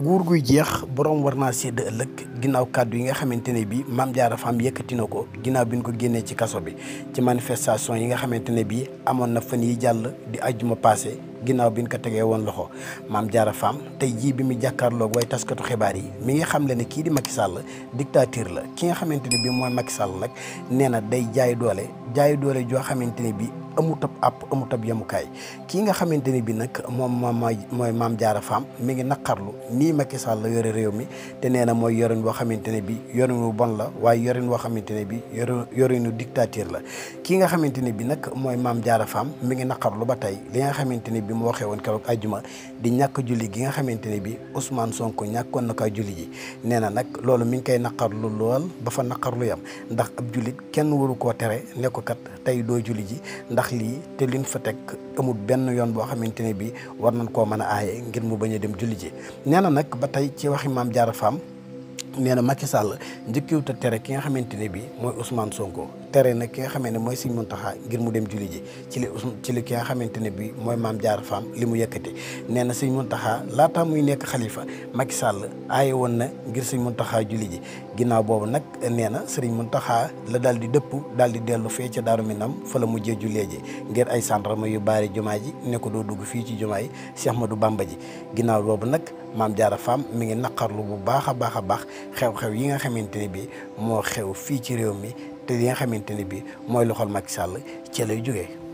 nguur guy jeex borom war naa sédd ëllëg ginnaaw kàddu yi nga xamante ne bii Mame jaara Fam yëkkati na ko ginnaaw bi nu ko génnee ci kaso bi ci manifestation yi nga xamante ne bii amoon na fan yi jàll di ajjuma passé ginnaaw bi nu ko tegee woon loxo maam jaara Fam tey jii bi mu jàkkaarloog way taskatu xibaar yi mi ngi xam le ne kii di mag Sall dictature la ki nga xamante ni bii mooy mag Sall nag nee na day jaay doole jaay doole joo xamante ne bii amut ab àpp amut ab yemukaay kii nga xamante ni bi nag moom moom mooy maam jaara Fam mi ngi naqarlu nii Macky Sall la yore réew mi te nee na mooy yorin woo xamante ne bi yorin wu bon la waaye yorin woo xamante ne bi yor yorinu dictature la kii nga xamante ne bi nag mooy maam jaara Fam mi ngi naqarlu ba tey li nga xamante ne bi mu waxee woon keroog ajjuma di ñàkk julli gi nga xamante ne bi Ousmane sonk ñàkkoon na ko julli nee na nag loolu mi ngi koy naqarlu lool ba fa naqarlu yam ndax jullit kenn waru koo tere ne tey doo julli ji ndax wax lii te liñ fa teg amul benn yoon boo xamante ne bii war nañ koo mën a aaye ngir mu bañ a dem jullit ji nee nag ba tey ci waxi maam Jaara Faam nee na Macky Sall njëkkiwut a tere ki nga xamante ne bii mooy Ousmane Sonko tere na ki nga xamante ne mooy mun Mountakha ngir mu dem julli ji ci li ci li ki nga xamante ne bii mooy Mame Diarra Fam li mu yëkkati nee na Serigne Mountakha laataa muy nekk xalifa Macky Sall aaye woon na ngir mun Mountakha julli ji ginnaaw boobu nag neena sëriñ mun Mountakha la daal di dëpp daal di dellu fee ca Daaru Minam fa la mujjee jullee ji ngir ay gendarme yu baari jumaa ji nekk doo dugg fii ci jumaa yi Cheikh Ahmadou Bamba ji ginnaaw nag maam Diarra Fam mi ngi naqarlu bu baax a baax a baax xew-xew yi nga xamante ne bii moo xew fii ci réew mi te yi nga xamante ne bii mooy loxol Macky Sall ci lay jógee.